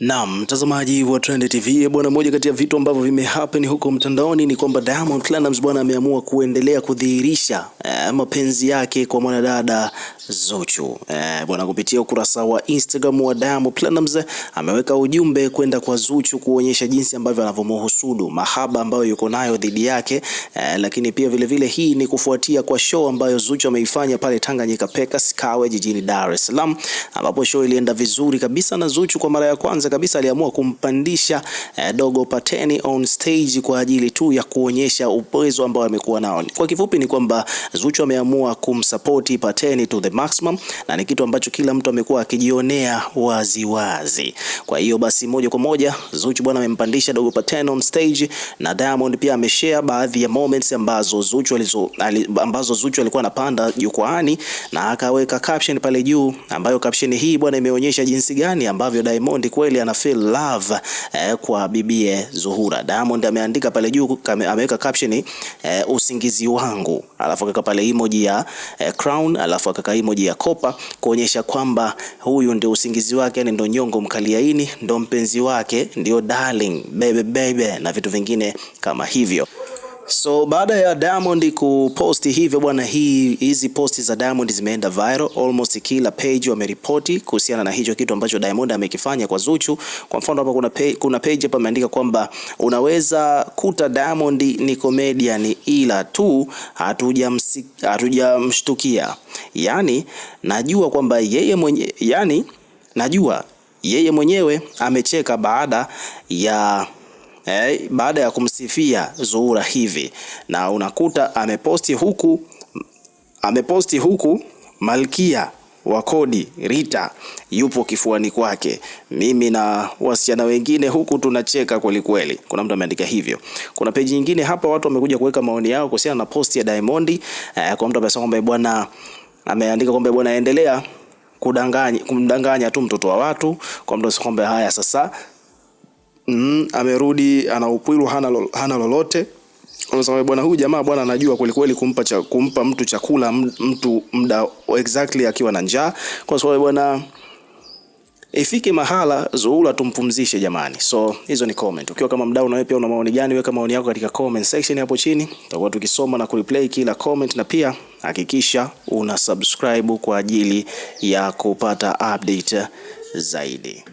Naam, mtazamaji wa Trend TV e bwana, moja kati ya vitu ambavyo vimehappen huko mtandaoni ni kwamba Diamond Platnumz bwana ameamua kuendelea kudhihirisha eh, mapenzi yake kwa mwanadada Zuchu eh, bwana, kupitia ukurasa wa Instagram wa Diamond Platnumz ameweka ujumbe kwenda kwa Zuchu kuonyesha jinsi ambavyo anavyomhusudu mahaba ambayo yuko nayo dhidi yake eh, lakini pia vile vile hii ni kufuatia kwa show ambayo Zuchu ameifanya pale Tanganyika Packers Kawe jijini Dar es Salaam, ambapo show ilienda vizuri kabisa na Zuchu kwa mara ya kwanza kabisa aliamua kumpandisha eh, Dogo Pateni on stage kwa ajili tu ya kuonyesha uwezo ambao amekuwa nao. Kwa kifupi ni kwamba Zuchu ameamua kumsupport Pateni to the maximum, na ni kitu ambacho kila mtu amekuwa akijionea wazi wazi. Kwa hiyo basi moja kwa moja Zuchu bwana amempandisha Dogo Pateni on stage, na Diamond pia ameshare baadhi ya moments ambazo Zuchu alizo, ambazo Zuchu alikuwa anapanda jukwaani na akaweka caption pale juu ambayo caption hii bwana imeonyesha jinsi gani ambavyo Diamond kweli kweli ana feel love eh, kwa bibie Zuhura. Diamond ameandika pale juu, ameweka caption eh, usingizi wangu, alafu akaka pale emoji ya eh, crown, alafu akaka emoji ya kopa kuonyesha kwamba huyu ndio usingizi wake, yani ndio nyongo mkaliaini, ndio mpenzi wake, ndio darling, baby baby na vitu vingine kama hivyo. So baada ya Diamond kuposti hivyo bwana, hii hizi posti za Diamond zimeenda viral, almost kila page wameripoti kuhusiana na hicho kitu ambacho Diamond amekifanya kwa Zuchu. Kwa mfano hapa kuna page, kuna page hapa imeandika kwamba unaweza kuta Diamond ni comedian ila tu hatujamshtukia, yani najua kwamba yeye mwenye, yani najua yeye mwenyewe amecheka baada ya eh, baada ya kumsifia Zuhura hivi, na unakuta ameposti huku ameposti huku Malkia wa kodi Rita yupo kifuani kwake, mimi na wasichana wengine huku tunacheka kweli kweli. Kuna mtu ameandika hivyo. Kuna peji nyingine hapa, watu wamekuja kuweka maoni yao kuhusiana na posti ya Diamond. Eh, kwa mtu amesema kwamba bwana ameandika kwamba bwana endelea kudanganya kumdanganya tu mtoto wa watu, kwa mtu kwamba haya sasa mm, amerudi ana upwilu hana, lo, hana lolote unasema bwana, huyu jamaa bwana anajua kweli kweli kumpa cha, kumpa mtu chakula mtu muda exactly akiwa na njaa, kwa sababu bwana ifike mahala Zuhura tumpumzishe jamani. So hizo ni comment. Ukiwa kama mdau, na wewe pia una maoni gani? Weka maoni yako katika comment section hapo chini, tutakuwa tukisoma na kureplay kila comment, na pia hakikisha una subscribe kwa ajili ya kupata update zaidi.